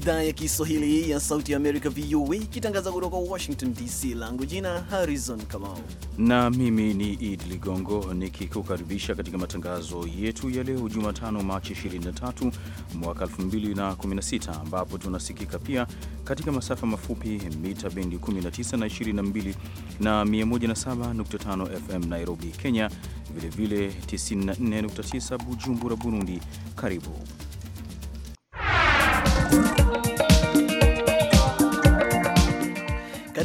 idhaa ya Kiswahili ya Sauti ya Amerika, VOA, ikitangaza kutoka Washington DC. Langu jina Harrison Kamau na mimi ni Idi Ligongo nikikukaribisha katika matangazo yetu ya leo Jumatano, Machi 23 mwaka 2016, ambapo tunasikika pia katika masafa mafupi mita bendi 19 na 22 na 107.5 FM Nairobi, Kenya, vilevile 94.9 Bujumbura, Burundi. Karibu.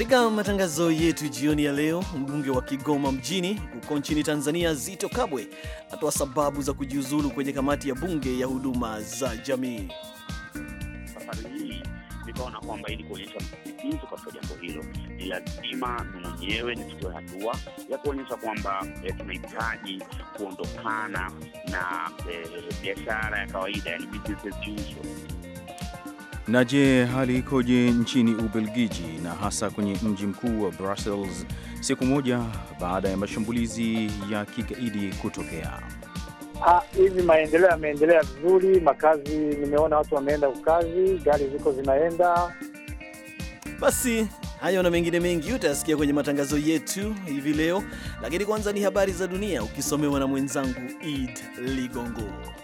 Katika matangazo yetu jioni ya leo, mbunge wa Kigoma mjini huko nchini Tanzania Zito Kabwe atoa sababu za kujiuzulu kwenye kamati ya bunge ya huduma za jamii. Safari hii nikaona kwamba ili kuonyesha msisitizo katika jambo hilo, ni lazima mwenyewe nichukue hatua ya kuonyesha kwamba eh, tunahitaji kuondokana na eh, biashara ya kawaida, yani business as usual. Na je, hali ikoje nchini Ubelgiji na hasa kwenye mji mkuu wa Brussels siku moja baada ya mashambulizi ya kigaidi kutokea? Hivi maendeleo yameendelea vizuri, makazi, nimeona watu wameenda kukazi, gari ziko zinaenda. Basi hayo na mengine mengi utayasikia kwenye matangazo yetu hivi leo, lakini kwanza ni habari za dunia ukisomewa na mwenzangu Id Ligongo.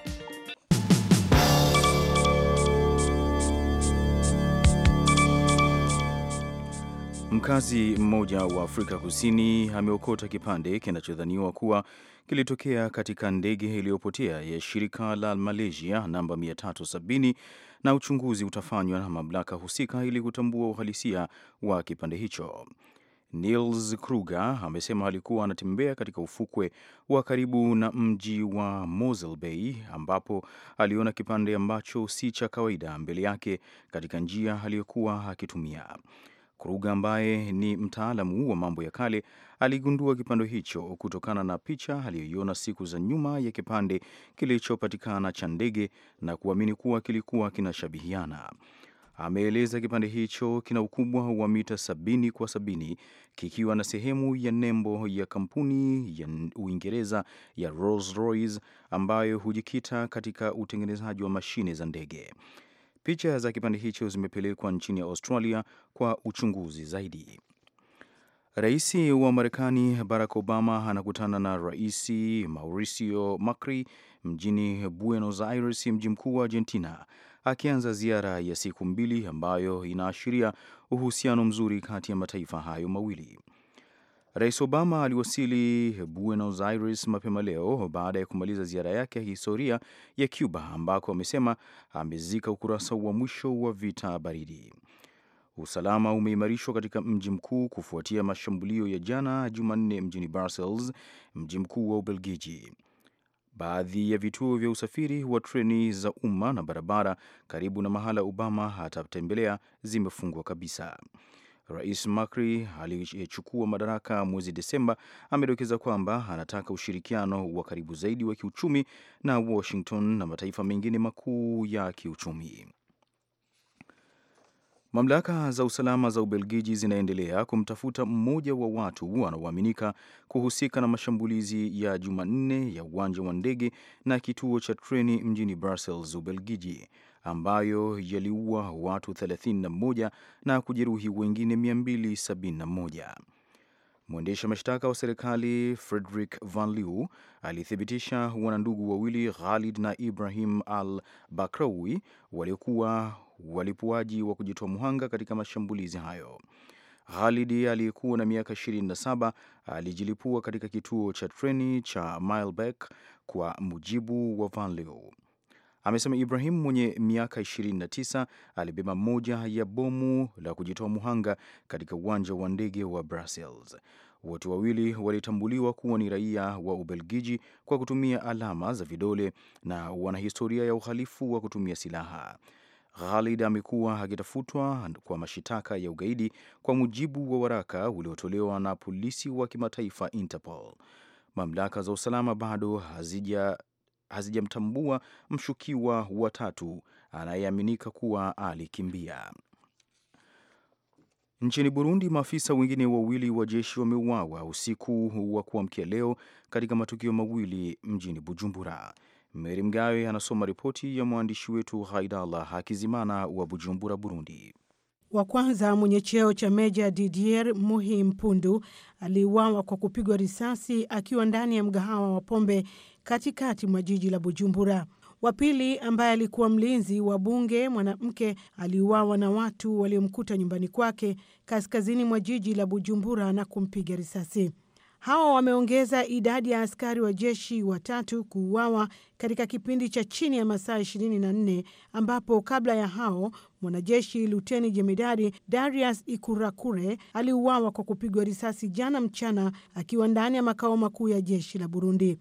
Mkazi mmoja wa Afrika Kusini ameokota kipande kinachodhaniwa kuwa kilitokea katika ndege iliyopotea ya shirika la Malaysia namba 370 na uchunguzi utafanywa na mamlaka husika ili kutambua uhalisia wa kipande hicho. Nils Kruger amesema alikuwa anatembea katika ufukwe wa karibu na mji wa Mosel Bay ambapo aliona kipande ambacho si cha kawaida mbele yake katika njia aliyokuwa akitumia. Kuruga ambaye ni mtaalamu wa mambo ya kale aligundua kipande hicho kutokana na picha aliyoiona siku za nyuma ya kipande kilichopatikana cha ndege na kuamini kuwa kilikuwa kinashabihiana. Ameeleza kipande hicho kina ukubwa wa mita sabini kwa sabini kikiwa na sehemu ya nembo ya kampuni ya Uingereza ya Rolls-Royce ambayo hujikita katika utengenezaji wa mashine za ndege. Picha za kipande hicho zimepelekwa nchini Australia kwa uchunguzi zaidi. Rais wa Marekani Barack Obama anakutana na Rais Mauricio Macri mjini Buenos Aires, mji mkuu wa Argentina, akianza ziara ya siku mbili ambayo inaashiria uhusiano mzuri kati ya mataifa hayo mawili. Rais Obama aliwasili Buenos Aires mapema leo baada ya kumaliza ziara yake ya historia ya Cuba ambako amesema amezika ukurasa wa mwisho wa vita baridi. Usalama umeimarishwa katika mji mkuu kufuatia mashambulio ya jana Jumanne mjini Brussels, mji mkuu wa Ubelgiji. Baadhi ya vituo vya usafiri wa treni za umma na barabara karibu na mahala Obama atatembelea zimefungwa kabisa. Rais Macri aliyechukua madaraka mwezi Desemba amedokeza kwamba anataka ushirikiano wa karibu zaidi wa kiuchumi na Washington na mataifa mengine makuu ya kiuchumi. Mamlaka za usalama za Ubelgiji zinaendelea kumtafuta mmoja wa watu wanaoaminika kuhusika na mashambulizi ya Jumanne ya uwanja wa ndege na kituo cha treni mjini Brussels, Ubelgiji ambayo yaliua watu 31 na kujeruhi wengine 271. Mwendesha mashtaka wa serikali Frederick Van Liu alithibitisha wanandugu wawili Khalid na Ibrahim Al Bakrawi waliokuwa walipuaji wa kujitoa muhanga katika mashambulizi hayo. Khalid aliyekuwa na miaka 27 alijilipua katika kituo cha treni cha Milbek, kwa mujibu wa Van Liu. Amesema Ibrahim mwenye miaka 29 alibeba moja ya bomu la kujitoa muhanga katika uwanja wa ndege wa Brussels. Wote wawili walitambuliwa kuwa ni raia wa Ubelgiji kwa kutumia alama za vidole na wana historia ya uhalifu wa kutumia silaha. ghalid amekuwa akitafutwa kwa mashitaka ya ugaidi kwa mujibu wa waraka uliotolewa na polisi wa kimataifa Interpol. Mamlaka za usalama bado hazija hazijamtambua mshukiwa wa tatu anayeaminika kuwa alikimbia. Nchini Burundi, maafisa wengine wawili wa jeshi wameuawa usiku wa kuamkia leo katika matukio mawili mjini Bujumbura. Meri Mgawe anasoma ripoti ya mwandishi wetu Haidala Hakizimana wa Bujumbura, Burundi. Wa kwanza mwenye cheo cha Meja Didier Muhi Mpundu aliuawa kwa kupigwa risasi akiwa ndani ya mgahawa wa pombe katikati mwa jiji la Bujumbura. Wa pili ambaye alikuwa mlinzi wa bunge mwanamke aliuawa na watu waliomkuta nyumbani kwake kaskazini mwa jiji la Bujumbura na kumpiga risasi. Hawa wameongeza idadi ya askari wa jeshi watatu kuuawa katika kipindi cha chini ya masaa 24 ambapo kabla ya hao mwanajeshi luteni jemedari Darius Ikurakure aliuawa kwa kupigwa risasi jana mchana akiwa ndani ya makao makuu ya jeshi la Burundi.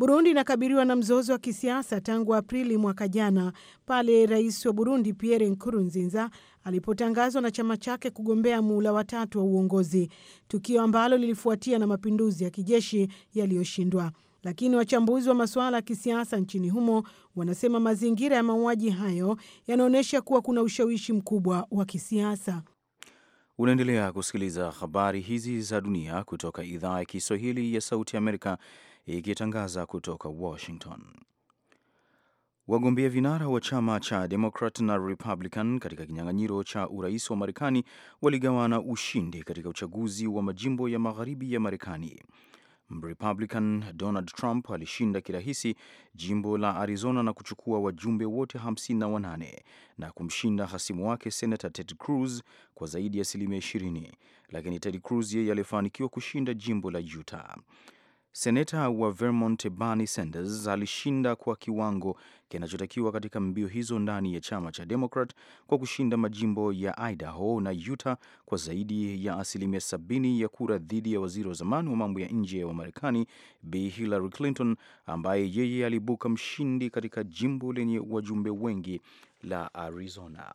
Burundi inakabiliwa na mzozo wa kisiasa tangu Aprili mwaka jana pale rais wa Burundi Pierre Nkurunziza alipotangazwa na chama chake kugombea muula watatu wa uongozi, tukio ambalo lilifuatia na mapinduzi ya kijeshi yaliyoshindwa. Lakini wachambuzi wa masuala ya kisiasa nchini humo wanasema mazingira ya mauaji hayo yanaonyesha kuwa kuna ushawishi mkubwa wa kisiasa. Unaendelea kusikiliza habari hizi za dunia kutoka idhaa ya Kiswahili ya Sauti ya Amerika ikitangaza kutoka Washington. Wagombea vinara wa chama cha Democrat na Republican katika kinyang'anyiro cha urais wa Marekani waligawana ushindi katika uchaguzi wa majimbo ya magharibi ya Marekani. Mrepublican Donald Trump alishinda kirahisi jimbo la Arizona na kuchukua wajumbe wote 58 na kumshinda hasimu wake Senator Ted Cruz kwa zaidi ya asilimia 20, lakini Ted Cruz yeye alifanikiwa kushinda jimbo la Utah. Seneta wa Vermont Bernie Sanders alishinda kwa kiwango kinachotakiwa katika mbio hizo ndani ya chama cha demokrat kwa kushinda majimbo ya Idaho na Utah kwa zaidi ya asilimia sabini ya kura dhidi ya waziri wa zamani wa mambo ya nje wa Marekani b Hillary Clinton ambaye yeye alibuka mshindi katika jimbo lenye wajumbe wengi la Arizona.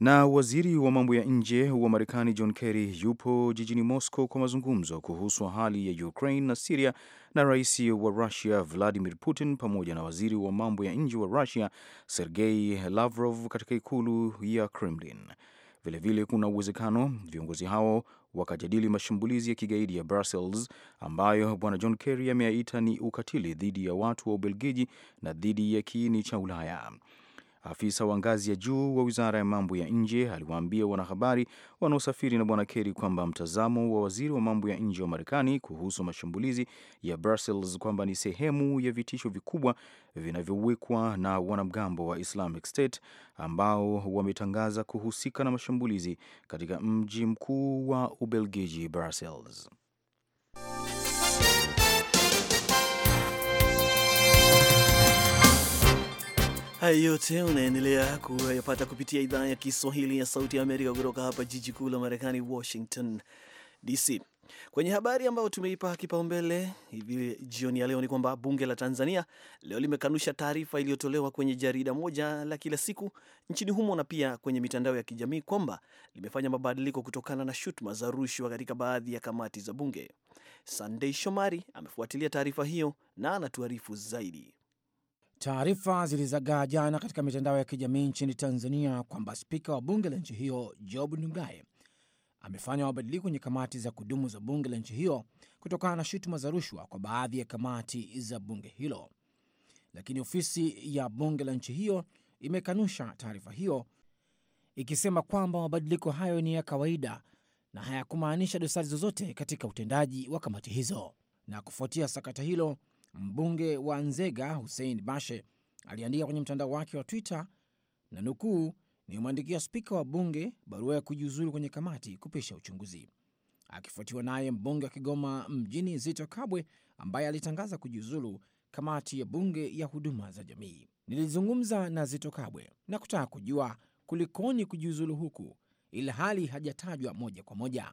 Na waziri wa mambo ya nje wa Marekani John Kerry yupo jijini Moscow kwa mazungumzo kuhusu hali ya Ukraine na Siria na rais wa Russia Vladimir Putin pamoja na waziri wa mambo ya nje wa Russia Sergei Lavrov katika ikulu ya Kremlin. Vilevile vile kuna uwezekano viongozi hao wakajadili mashambulizi ya kigaidi ya Brussels ambayo bwana John Kerry ameyaita ni ukatili dhidi ya watu wa Ubelgiji na dhidi ya kiini cha Ulaya. Afisa wa ngazi ya juu wa wizara ya mambo ya nje aliwaambia wanahabari wanaosafiri na bwana Kerry kwamba mtazamo wa waziri wa mambo ya nje wa Marekani kuhusu mashambulizi ya Brussels kwamba ni sehemu ya vitisho vikubwa vinavyowekwa na wanamgambo wa Islamic State ambao wametangaza kuhusika na mashambulizi katika mji mkuu wa Ubelgiji, Brussels. Hayo yote unaendelea kuyapata kupitia idhaa ya Kiswahili ya Sauti ya Amerika kutoka hapa jiji kuu la Marekani, Washington DC. Kwenye habari ambayo tumeipa kipaumbele hivi jioni ya leo ni kwamba bunge la Tanzania leo limekanusha taarifa iliyotolewa kwenye jarida moja la kila siku nchini humo na pia kwenye mitandao ya kijamii kwamba limefanya mabadiliko kutokana na shutuma za rushwa katika baadhi ya kamati za bunge. Sandei Shomari amefuatilia taarifa hiyo na anatuarifu zaidi. Taarifa zilizagaa jana katika mitandao ya kijamii nchini Tanzania kwamba spika wa bunge la nchi hiyo Job Ndugai amefanya mabadiliko kwenye kamati za kudumu za bunge la nchi hiyo kutokana na shutuma za rushwa kwa baadhi ya kamati za bunge hilo, lakini ofisi ya bunge la nchi hiyo imekanusha taarifa hiyo ikisema kwamba mabadiliko hayo ni ya kawaida na hayakumaanisha dosari zozote katika utendaji wa kamati hizo. Na kufuatia sakata hilo, Mbunge wa Nzega Hussein Bashe aliandika kwenye mtandao wake wa Twitter na nukuu, nimemwandikia spika wa bunge barua ya kujiuzulu kwenye kamati kupisha uchunguzi, akifuatiwa naye mbunge wa Kigoma mjini Zito Kabwe ambaye alitangaza kujiuzulu kamati ya bunge ya huduma za jamii. Nilizungumza na Zito Kabwe na kutaka kujua kulikoni kujiuzulu huku, ila hali hajatajwa moja kwa moja.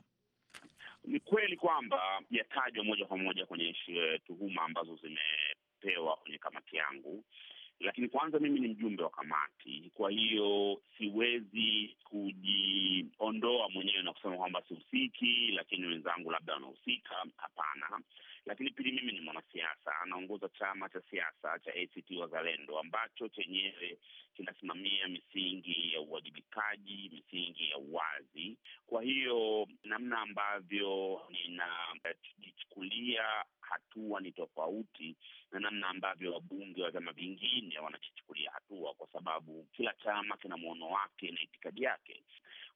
Ni kweli kwamba yatajwa moja kwa moja kwenye eh, tuhuma ambazo zimepewa kwenye kamati yangu, lakini kwanza, mimi ni mjumbe wa kamati, kwa hiyo siwezi kujiondoa mwenyewe na kusema kwamba sihusiki, lakini wenzangu labda wanahusika. Hapana, lakini pili, mimi ni mwanasiasa, anaongoza chama cha siasa cha ACT Wazalendo ambacho chenyewe kinasimamia misingi ya uwajibikaji, misingi ya uwazi. Kwa hiyo namna ambavyo ninajichukulia hatua ni tofauti na namna ambavyo wabunge wa vyama vingine wanachichukulia hatua, kwa sababu kila chama kina mwono wake na itikadi yake.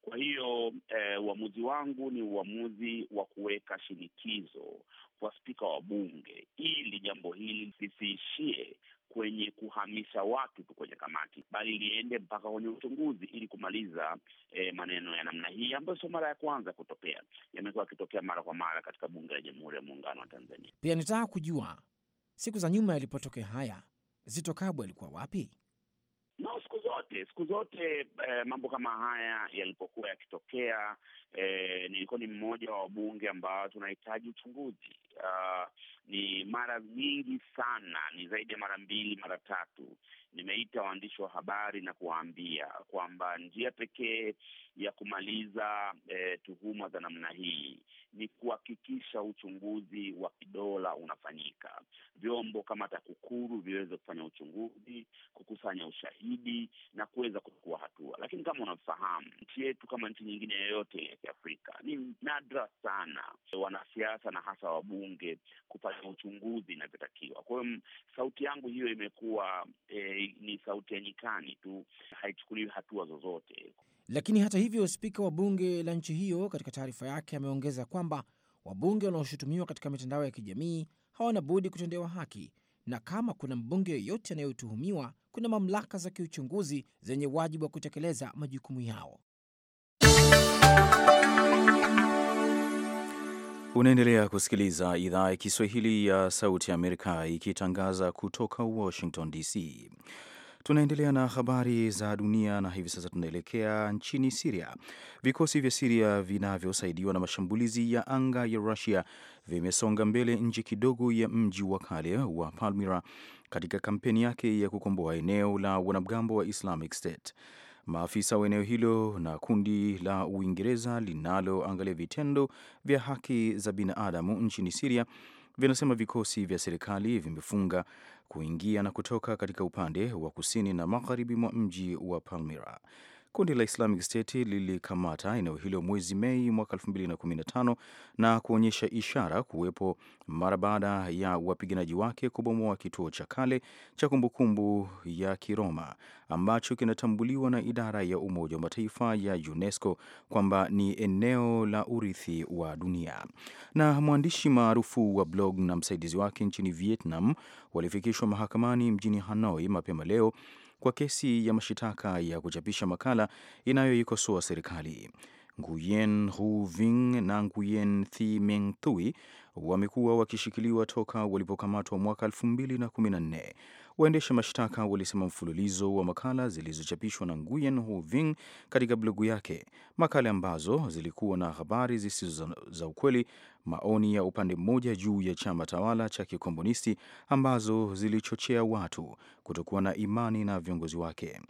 Kwa hiyo eh, uamuzi wangu ni uamuzi wa kuweka shinikizo kwa spika wa bunge ili jambo hili lisiishie kwenye kuhamisha watu tu kwenye kamati, bali liende mpaka kwenye uchunguzi ili kumaliza eh, maneno ya namna hii ambayo sio mara ya kwanza kutokea, yamekuwa yakitokea mara kwa mara katika bunge la Jamhuri ya Muungano wa Tanzania. Pia nitaka kujua siku za nyuma yalipotokea haya, Zitto Kabwe alikuwa wapi? No, siku zote siku zote eh, mambo kama haya yalipokuwa yakitokea eh, nilikuwa ni mmoja wa wabunge ambao tunahitaji uchunguzi. Uh, ni mara nyingi sana, ni zaidi ya mara mbili mara tatu nimeita waandishi wa habari na kuwaambia kwamba njia pekee ya kumaliza eh, tuhuma za namna hii ni kuhakikisha uchunguzi wa kidola unafanyika, vyombo kama TAKUKURU viweze kufanya uchunguzi, kukusanya ushahidi na kuweza kuchukua hatua. Lakini kama unafahamu, nchi yetu kama nchi nyingine yoyote ya Kiafrika, ni nadra sana wanasiasa na hasa wabunge kufanya uchunguzi inavyotakiwa. Kwa hiyo sauti yangu hiyo imekuwa eh, ni sauti ya nyikani tu, haichukuliwi hatua zozote. Lakini hata hivyo, spika wa bunge la nchi hiyo katika taarifa yake ameongeza kwamba wabunge wanaoshutumiwa katika mitandao ya kijamii hawana budi kutendewa haki, na kama kuna mbunge yoyote anayotuhumiwa, kuna mamlaka za kiuchunguzi zenye wajibu wa kutekeleza majukumu yao. Unaendelea kusikiliza idhaa ya Kiswahili ya Sauti ya Amerika ikitangaza kutoka Washington DC. Tunaendelea na habari za dunia na hivi sasa tunaelekea nchini Siria. Vikosi vya Siria vinavyosaidiwa na mashambulizi ya anga ya Rusia vimesonga mbele nje kidogo ya mji wa kale wa Palmira katika kampeni yake ya kukomboa eneo la wanamgambo wa Islamic State. Maafisa wa eneo hilo na kundi la Uingereza linaloangalia vitendo vya haki za binadamu nchini Siria vinasema vikosi vya serikali vimefunga kuingia na kutoka katika upande wa kusini na magharibi mwa mji wa Palmira. Kundi la Islamic State lilikamata eneo hilo mwezi Mei mwaka 2015 na kuonyesha ishara kuwepo mara baada ya wapiganaji wake kubomoa kituo cha kale cha kumbukumbu ya Kiroma ambacho kinatambuliwa na idara ya Umoja wa Mataifa ya UNESCO kwamba ni eneo la urithi wa dunia. Na mwandishi maarufu wa blog na msaidizi wake nchini Vietnam walifikishwa mahakamani mjini Hanoi mapema leo kwa kesi ya mashitaka ya kuchapisha makala inayoikosoa serikali. Nguyen Hu ving na Nguyen Thi Meng Thui wamekuwa wakishikiliwa toka walipokamatwa mwaka 2014 Waendesha mashtaka walisema mfululizo wa makala zilizochapishwa na Nguyen Hu katika blogu yake, makala ambazo zilikuwa na habari zisizo za ukweli, maoni ya upande mmoja juu ya chama tawala cha kikomunisti, ambazo zilichochea watu kutokuwa na imani na viongozi wake.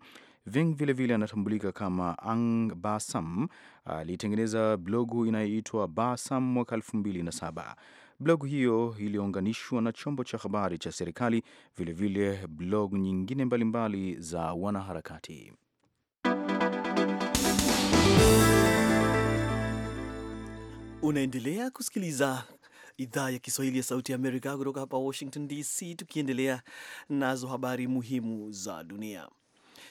Ving vilevile anatambulika kama Ang Basam. Alitengeneza blogu inayoitwa Basam mwaka 2007 Blog hiyo iliyounganishwa na chombo cha habari cha serikali, vilevile blog nyingine mbalimbali mbali za wanaharakati. Unaendelea kusikiliza idhaa ya Kiswahili ya Sauti ya Amerika kutoka hapa Washington DC, tukiendelea nazo habari muhimu za dunia.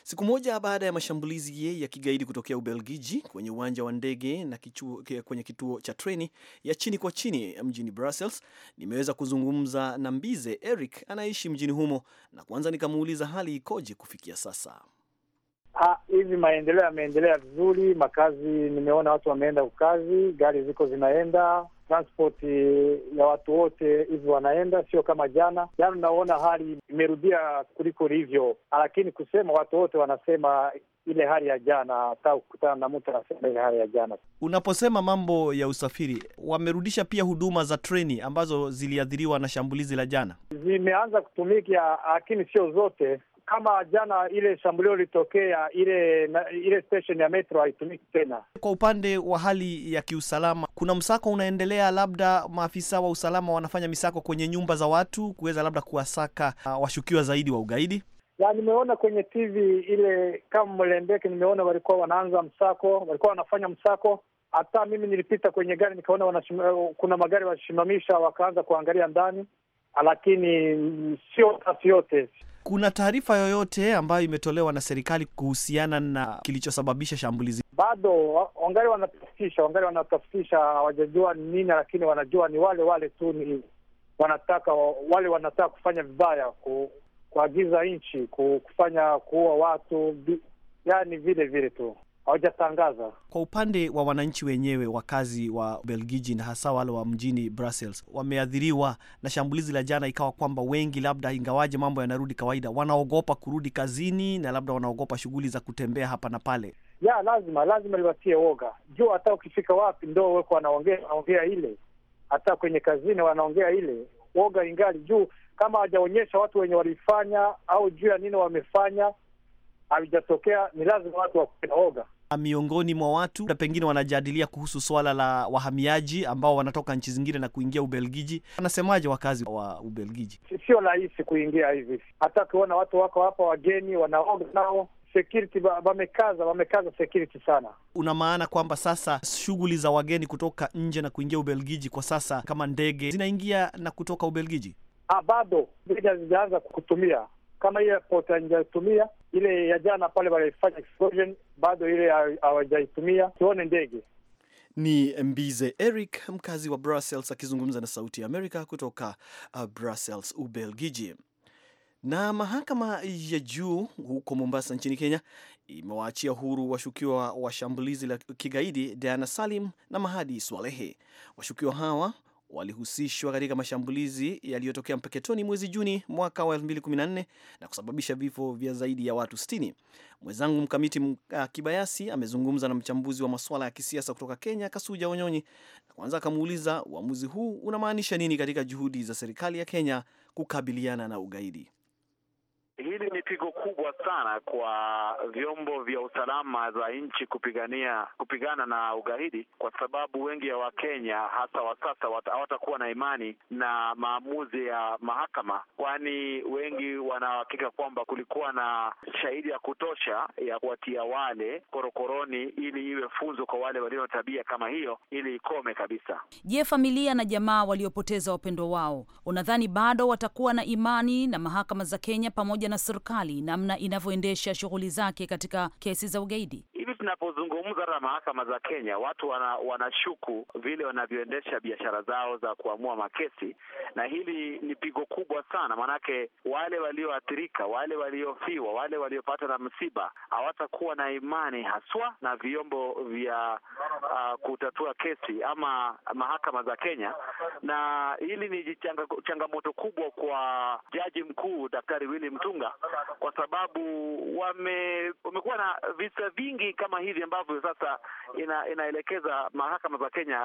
Siku moja baada ya mashambulizi ya kigaidi kutokea Ubelgiji kwenye uwanja wa ndege na kichuo, kwenye kituo cha treni ya chini kwa chini mjini Brussels, nimeweza kuzungumza na Mbize Eric anayeishi mjini humo, na kwanza nikamuuliza hali ikoje kufikia sasa. Hivi maendeleo yameendelea vizuri, makazi nimeona watu wameenda kukazi, gari ziko zinaenda transport eh, ya watu wote hivyo wanaenda, sio kama jana. Jana yaani unaona hali imerudia kuliko ilivyo, lakini kusema watu wote wanasema ile hali ya jana, hata ukutana na mtu anasema ile hali ya jana. Unaposema mambo ya usafiri, wamerudisha pia huduma za treni ambazo ziliathiriwa na shambulizi la jana, zimeanza kutumika, lakini sio zote kama jana ile shambulio lilitokea ile na, ile station ya metro haitumiki tena. Kwa upande wa hali ya kiusalama, kuna msako unaendelea, labda maafisa wa usalama wanafanya misako kwenye nyumba za watu kuweza labda kuwasaka uh, washukiwa zaidi wa ugaidi. Ya, nimeona kwenye TV ile kama Mlembeke, nimeona walikuwa wanaanza msako, walikuwa wanafanya msako. Hata mimi nilipita kwenye gari nikaona kuna magari washimamisha wakaanza kuangalia ndani lakini sio kasi yote. Kuna taarifa yoyote ambayo imetolewa na serikali kuhusiana na kilichosababisha shambulizi? Bado wangali wanatafutisha, wangali wanatafutisha, hawajajua ni nini, lakini wanajua ni wale wale tu, ni wanataka wale wanataka kufanya vibaya, ku, kuagiza nchi kufanya kuua watu, yaani vile vile tu hawajatangaza. Kwa upande wa wananchi wenyewe, wakazi wa Belgiji na hasa wale wa mjini Brussels wameathiriwa na shambulizi la jana, ikawa kwamba wengi, labda ingawaje mambo yanarudi kawaida, wanaogopa kurudi kazini na labda wanaogopa shughuli za kutembea hapa na pale. Ya lazima lazima liwatie woga, juu hata ukifika wapi ndo weko wanaongea wanaongea ile, hata kwenye kazini wanaongea ile woga ingali juu, kama hawajaonyesha watu wenye walifanya au juu ya nini wamefanya, havijatokea ni lazima watu wakuwe na woga miongoni mwa watu na pengine wanajadilia kuhusu swala la wahamiaji ambao wanatoka nchi zingine na kuingia Ubelgiji. Wanasemaje wakazi wa Ubelgiji? Sio rahisi kuingia hivi, hata ukiona watu wako hapa wageni, wanaoga nao security wamekaza, wamekaza security sana. Una maana kwamba sasa shughuli za wageni kutoka nje na kuingia Ubelgiji kwa sasa, kama ndege zinaingia na kutoka Ubelgiji, ah, bado hazijaanza kutumia kama ile port haijaitumia ile ya jana pale walifanya explosion, bado ile hawajaitumia. Tuone ndege ni Mbize Eric, mkazi wa Brussels, akizungumza na Sauti ya Amerika kutoka uh, Brussels, Ubelgiji. Na mahakama ya juu huko Mombasa nchini Kenya imewaachia huru washukiwa wa shambulizi la kigaidi Diana Salim na Mahadi Swalehe. Washukiwa hawa walihusishwa katika mashambulizi yaliyotokea Mpeketoni mwezi Juni mwaka wa 2014 na kusababisha vifo vya zaidi ya watu 60. Mwenzangu Mkamiti mm, ah, Kibayasi amezungumza na mchambuzi wa masuala ya kisiasa kutoka Kenya, Kasuja Onyonyi, na kwanza akamuuliza uamuzi huu unamaanisha nini katika juhudi za serikali ya Kenya kukabiliana na ugaidi. Hili ni pigo kubwa sana kwa vyombo vya usalama za nchi kupigania kupigana na ugaidi, kwa sababu wengi ya Wakenya hasa wa sasa hawatakuwa na imani na maamuzi ya mahakama, kwani wengi wanahakika kwamba kulikuwa na shahidi ya kutosha ya kuwatia wale korokoroni, ili iwe funzo kwa wale walio na tabia kama hiyo, ili ikome kabisa. Je, familia na jamaa waliopoteza wapendwa wao, unadhani bado watakuwa na imani na mahakama za Kenya pamoja na serikali namna inavyoendesha shughuli zake katika kesi za ugaidi? Hivi tunapozungumza, hata mahakama za Kenya watu wana, wanashuku vile wanavyoendesha biashara zao za kuamua makesi, na hili ni pigo kubwa sana, maanake wale walioathirika, wale waliofiwa, wale waliopata na msiba hawatakuwa na imani haswa na vyombo vya uh, kutatua kesi ama mahakama za Kenya, na hili ni changamoto kubwa kwa jaji mkuu Daktari Willy Mutunga kujiunga, kwa sababu wame, wamekuwa na visa vingi kama hivi ambavyo sasa ina, inaelekeza mahakama za Kenya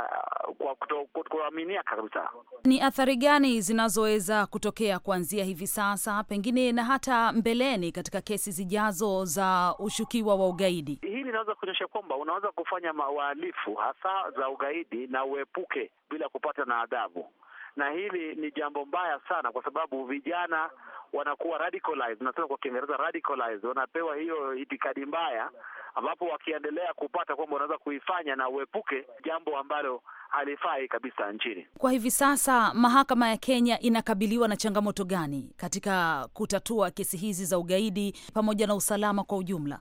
uh, kwa kutokuaminika kabisa. Ni athari gani zinazoweza kutokea kuanzia hivi sasa, pengine na hata mbeleni katika kesi zijazo za ushukiwa wa ugaidi? Hili linaweza kuonyesha kwamba unaweza kufanya mawahalifu hasa za ugaidi na uepuke bila kupata na adhabu na hili ni jambo mbaya sana, kwa sababu vijana wanakuwa radicalized, nasema kwa Kiingereza radicalized, wanapewa hiyo itikadi mbaya, ambapo wakiendelea kupata kwamba wanaweza kuifanya na uepuke jambo ambalo halifai kabisa nchini. Kwa hivi sasa mahakama ya Kenya inakabiliwa na changamoto gani katika kutatua kesi hizi za ugaidi pamoja na usalama kwa ujumla?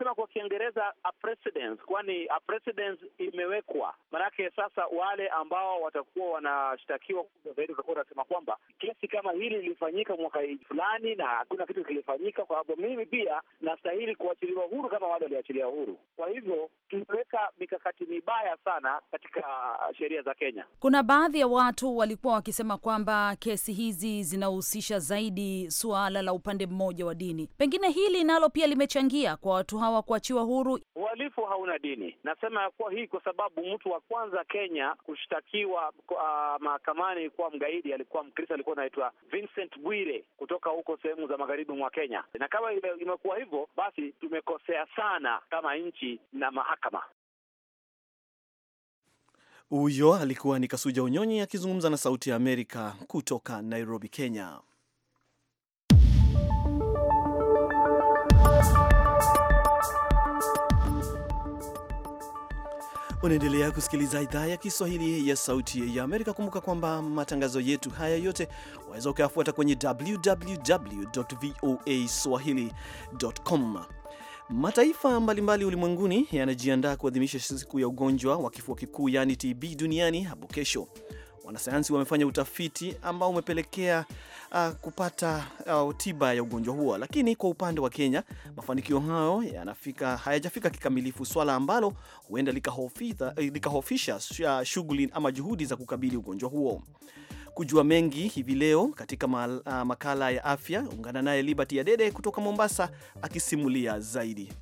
tunasema kwa Kiingereza a precedence, kwani a precedence imewekwa. Maanake sasa wale ambao watakuwa wanashtakiwa kubwa zaidi watakuwa wanasema kwamba kesi kama hili lilifanyika mwaka fulani na hakuna kitu kilifanyika, kwa sababu mimi pia nastahili kuachiliwa huru kama wale waliachilia huru. Kwa hivyo tumeweka mikakati mibaya sana katika sheria za Kenya. Kuna baadhi ya watu walikuwa wakisema kwamba kesi hizi zinahusisha zaidi suala la upande mmoja wa dini, pengine hili nalo pia limechangia kwa watu hawa hawa kuachiwa huru. Uhalifu hauna dini. Nasema ya kuwa hii kwa sababu mtu wa kwanza Kenya kushtakiwa uh, mahakamani kuwa mgaidi alikuwa Mkristo, alikuwa anaitwa Vincent Bwire kutoka huko sehemu za magharibi mwa Kenya, na kama imekuwa hivyo, basi tumekosea sana kama nchi na mahakama. Huyo alikuwa ni Kasuja Unyonyi akizungumza na Sauti ya Amerika kutoka Nairobi, Kenya. Unaendelea kusikiliza idhaa ya Kiswahili ya Sauti ya Amerika. Kumbuka kwamba matangazo yetu haya yote waweza ukayafuata kwenye www voa swahilicom Mataifa mbalimbali ulimwenguni yanajiandaa kuadhimisha siku ya ugonjwa wa kifua kikuu yaani TB duniani hapo kesho. Wanasayansi wamefanya utafiti ambao umepelekea uh, kupata uh, tiba ya ugonjwa huo, lakini kwa upande wa Kenya mafanikio hayo yanafika hayajafika kikamilifu, swala ambalo huenda eh, likahofisha lika ah, shughuli ama juhudi za kukabili ugonjwa huo. Kujua mengi hivi leo katika makala ya afya, ungana naye Liberty Adede kutoka Mombasa akisimulia zaidi.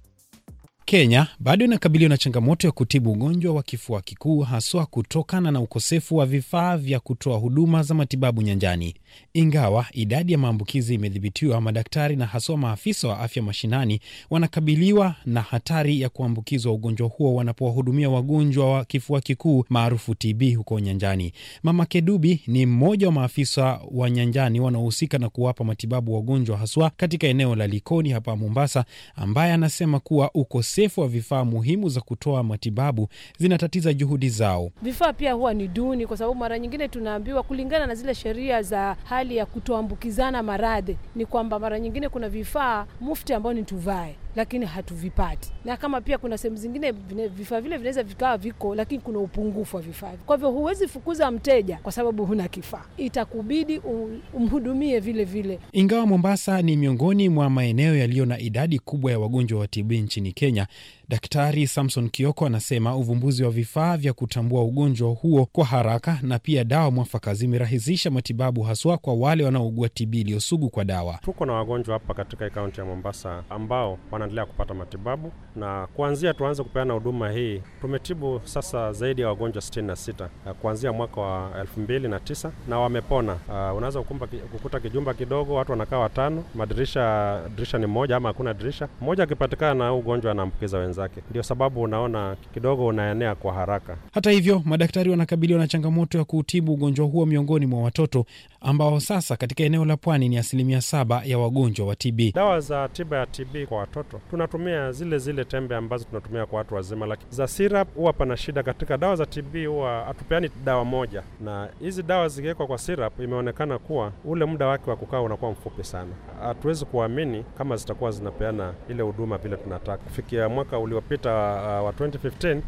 Kenya bado inakabiliwa na changamoto ya kutibu ugonjwa wa kifua kikuu haswa kutokana na ukosefu wa vifaa vya kutoa huduma za matibabu nyanjani. Ingawa idadi ya maambukizi imedhibitiwa, madaktari na haswa maafisa wa afya mashinani wanakabiliwa na hatari ya kuambukizwa ugonjwa huo wanapowahudumia wagonjwa wa kifua kikuu maarufu TB huko nyanjani. Mama Kedubi ni mmoja wa maafisa wa nyanjani wanaohusika na kuwapa matibabu wagonjwa haswa katika eneo la Likoni hapa Mombasa, ambaye anasema kuwa uko ukosefu wa vifaa muhimu za kutoa matibabu zinatatiza juhudi zao. Vifaa pia huwa ni duni, kwa sababu mara nyingine tunaambiwa kulingana na zile sheria za hali ya kutoambukizana maradhi ni kwamba mara nyingine kuna vifaa mufti ambao ni tuvae lakini hatuvipati, na kama pia kuna sehemu zingine vifaa vile vinaweza vikawa viko, lakini kuna upungufu wa vifaa. Kwa hivyo huwezi fukuza mteja kwa sababu huna kifaa, itakubidi umhudumie vile vile. Ingawa Mombasa ni miongoni mwa maeneo yaliyo na idadi kubwa ya wagonjwa wa TB nchini Kenya, Daktari Samson Kioko anasema uvumbuzi wa vifaa vya kutambua ugonjwa huo kwa haraka na pia dawa mwafaka zimerahisisha matibabu haswa kwa wale wanaougua TB iliyosugu kwa dawa. Tuko na wagonjwa hapa katika kaunti ya Mombasa ambao wana wanaendelea kupata matibabu, na kuanzia tuanze kupeana huduma hii tumetibu sasa zaidi ya wagonjwa 66 eh, kuanzia mwaka wa 2009 na wamepona. Uh, unaweza kukuta kijumba kidogo watu wanakaa watano, madirisha dirisha ni moja ama hakuna dirisha, mmoja akipatikana na ugonjwa anaambukiza wenzake. Ndio sababu unaona kidogo unaenea kwa haraka. Hata hivyo, madaktari wanakabiliwa na changamoto ya kuutibu ugonjwa huo miongoni mwa watoto ambao sasa katika eneo la pwani ni asilimia saba ya wagonjwa wa TB. Dawa za tiba ya TB kwa watoto watoto. Tunatumia zile zile tembe ambazo tunatumia kwa watu wazima, lakini za syrup huwa pana shida. Katika dawa za TB huwa hatupeani dawa moja, na hizi dawa zikiwekwa kwa syrup, imeonekana kuwa ule muda wake wa kukaa unakuwa mfupi sana. Hatuwezi kuamini kama zitakuwa zinapeana ile huduma vile tunataka. Kufikia mwaka uliopita uh, wa 2015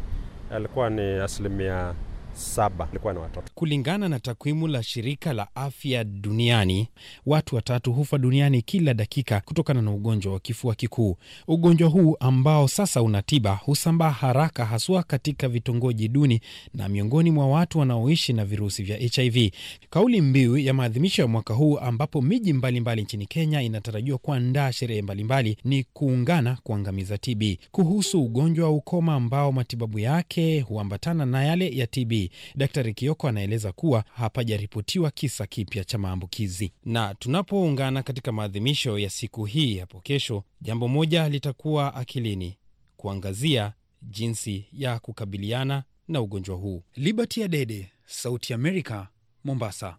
alikuwa ni asilimia saba watoto. Kulingana na takwimu la shirika la afya duniani, watu watatu hufa duniani kila dakika kutokana na ugonjwa wa kifua kikuu. Ugonjwa huu ambao sasa una tiba husambaa haraka, haswa katika vitongoji duni na miongoni mwa watu wanaoishi na virusi vya HIV. Kauli mbiu ya maadhimisho ya mwaka huu, ambapo miji mbalimbali nchini Kenya inatarajiwa kuandaa sherehe mbalimbali, ni kuungana kuangamiza TB. Kuhusu ugonjwa wa ukoma ambao matibabu yake huambatana na yale ya TB hii. Daktari Kioko anaeleza kuwa hapajaripotiwa kisa kipya cha maambukizi. Na tunapoungana katika maadhimisho ya siku hii hapo kesho, jambo moja litakuwa akilini, kuangazia jinsi ya kukabiliana na ugonjwa huu. Liberty Adede, Sauti ya Amerika, Mombasa.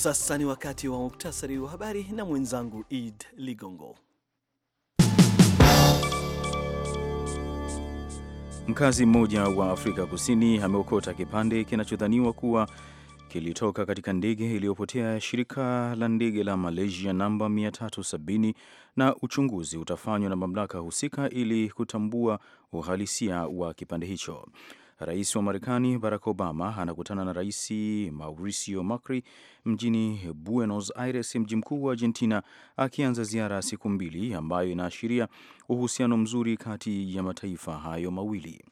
Sasa ni wakati wa muktasari wa habari na mwenzangu Id Ligongo. Mkazi mmoja wa Afrika Kusini ameokota kipande kinachodhaniwa kuwa kilitoka katika ndege iliyopotea ya shirika la ndege la Malaysia namba 370 na uchunguzi utafanywa na mamlaka husika ili kutambua uhalisia wa kipande hicho. Rais wa Marekani Barack Obama anakutana na Rais Mauricio Macri mjini Buenos Aires, mji mkuu wa Argentina, akianza ziara ya siku mbili ambayo inaashiria uhusiano mzuri kati ya mataifa hayo mawili.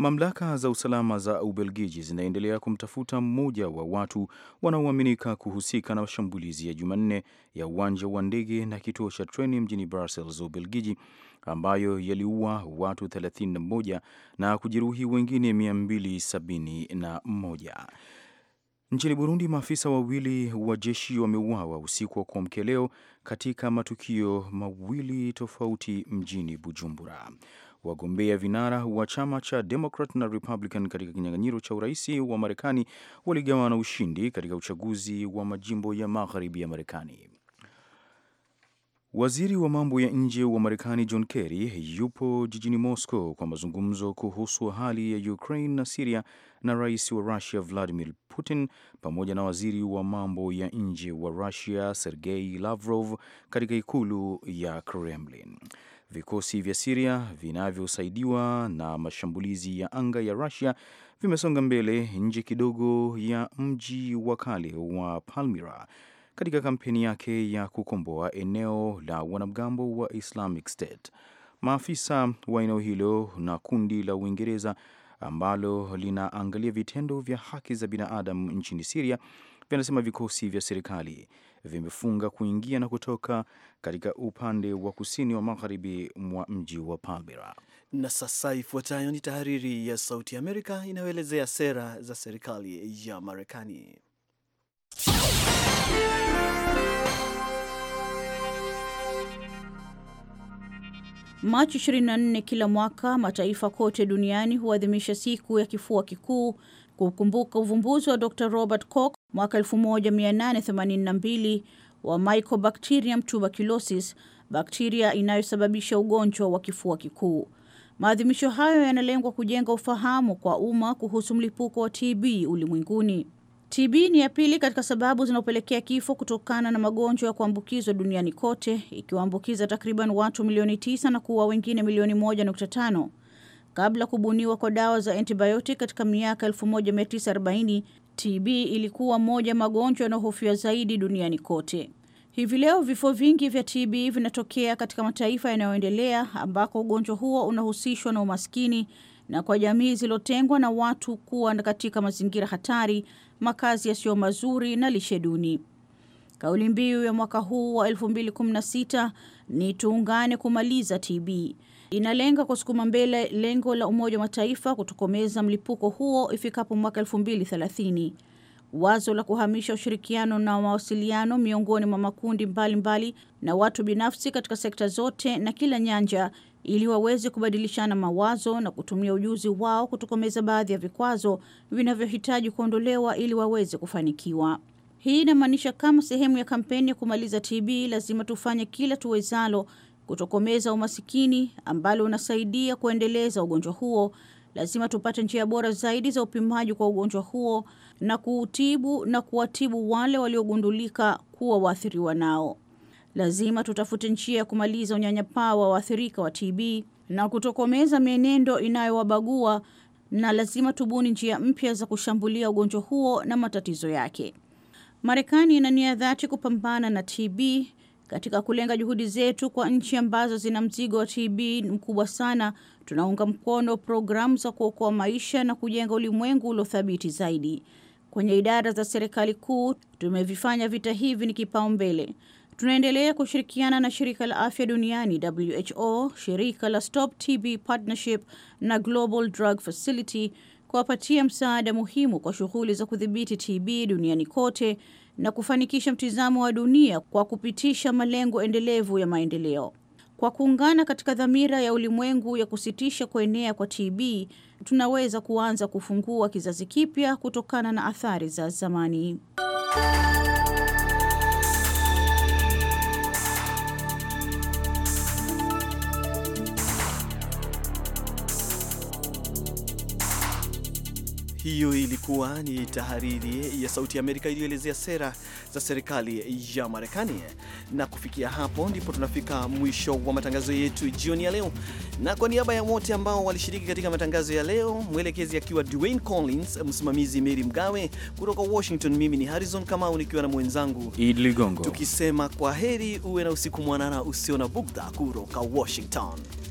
Mamlaka za usalama za Ubelgiji zinaendelea kumtafuta mmoja wa watu wanaoaminika kuhusika na mashambulizi ya Jumanne ya uwanja wa ndege na kituo cha treni mjini Brussels, Ubelgiji, ambayo yaliua watu 31 na kujeruhi wengine 271. Nchini Burundi, maafisa wawili wa jeshi wameuawa usiku wa kuamkia leo katika matukio mawili tofauti mjini Bujumbura. Wagombea vinara wa chama cha Democrat na Republican katika kinyang'anyiro cha urais wa Marekani waligawana ushindi katika uchaguzi wa majimbo ya magharibi ya Marekani. Waziri wa mambo ya nje wa Marekani John Kerry yupo jijini Moscow kwa mazungumzo kuhusu hali ya Ukraine na siria na rais wa Russia Vladimir Putin pamoja na waziri wa mambo ya nje wa rusia Sergei Lavrov katika ikulu ya Kremlin. Vikosi vya Siria vinavyosaidiwa na mashambulizi ya anga ya Rusia vimesonga mbele nje kidogo ya mji wa kale wa Palmira katika kampeni yake ya kukomboa eneo la wanamgambo wa Islamic State. Maafisa wa eneo hilo na kundi la Uingereza ambalo linaangalia vitendo vya haki za binadamu nchini Siria vinasema vikosi vya serikali vimefunga kuingia na kutoka katika upande wa kusini wa magharibi mwa mji wa Palmira. Na sasa ifuatayo ni tahariri ya Sauti Amerika inayoelezea sera za serikali ya Marekani. Machi 24 kila mwaka mataifa kote duniani huadhimisha siku ya kifua kikuu kukumbuka uvumbuzi wa Dr. Robert Koch mwaka 1882 wa Mycobacterium tuberculosis, bakteria inayosababisha ugonjwa wa kifua kikuu. Maadhimisho hayo yanalengwa kujenga ufahamu kwa umma kuhusu mlipuko wa TB ulimwenguni. TB ni ya pili katika sababu zinazopelekea kifo kutokana na magonjwa ya kuambukizwa duniani kote, ikiwaambukiza takriban watu milioni tisa na kuua wengine milioni moja nukta tano. Kabla kubuniwa kwa dawa za antibiotic katika miaka 1940, TB ilikuwa moja magonjwa yanayohofiwa zaidi duniani kote. Hivi leo vifo vingi vya TB vinatokea katika mataifa yanayoendelea ambako ugonjwa huo unahusishwa na umaskini na kwa jamii zilizotengwa na watu kuwa katika mazingira hatari, makazi yasiyo mazuri na lishe duni. Kauli mbiu ya mwaka huu wa 2016 ni tuungane kumaliza TB. Inalenga kusukuma mbele lengo la Umoja wa Mataifa kutokomeza mlipuko huo ifikapo mwaka 2030. Wazo la kuhamisha ushirikiano na mawasiliano miongoni mwa makundi mbalimbali na watu binafsi katika sekta zote na kila nyanja ili waweze kubadilishana mawazo na kutumia ujuzi wao kutokomeza baadhi ya vikwazo vinavyohitaji kuondolewa ili waweze kufanikiwa. Hii inamaanisha kama sehemu ya kampeni ya kumaliza TB, lazima tufanye kila tuwezalo kutokomeza umasikini ambalo unasaidia kuendeleza ugonjwa huo. Lazima tupate njia bora zaidi za upimaji kwa ugonjwa huo na kuutibu na kuwatibu wale waliogundulika kuwa waathiriwa nao. Lazima tutafute njia ya kumaliza unyanyapaa wa waathirika wa TB na kutokomeza mienendo inayowabagua na lazima tubuni njia mpya za kushambulia ugonjwa huo na matatizo yake. Marekani ina nia dhati kupambana na TB katika kulenga juhudi zetu kwa nchi ambazo zina mzigo wa TB mkubwa sana, tunaunga mkono programu za kuokoa maisha na kujenga ulimwengu uliothabiti zaidi. Kwenye idara za serikali kuu, tumevifanya vita hivi ni kipaumbele. Tunaendelea kushirikiana na shirika la afya duniani WHO, shirika la Stop TB Partnership na Global Drug Facility kuwapatia msaada muhimu kwa shughuli za kudhibiti TB duniani kote na kufanikisha mtizamo wa dunia kwa kupitisha malengo endelevu ya maendeleo. Kwa kuungana katika dhamira ya ulimwengu ya kusitisha kuenea kwa TB, tunaweza kuanza kufungua kizazi kipya kutokana na athari za zamani. Hiyo ilikuwa ni tahariri ya Sauti ya Amerika iliyoelezea sera za serikali ya Marekani. Na kufikia hapo ndipo tunafika mwisho wa matangazo yetu jioni ya leo, na kwa niaba ya wote ambao walishiriki katika matangazo ya leo, mwelekezi akiwa Dwayne Collins, msimamizi Mary Mgawe kutoka Washington, mimi ni Harrison Kamau nikiwa na mwenzangu id Ligongo tukisema kwa heri, uwe na usiku mwanana usio na bugdha kutoka Washington.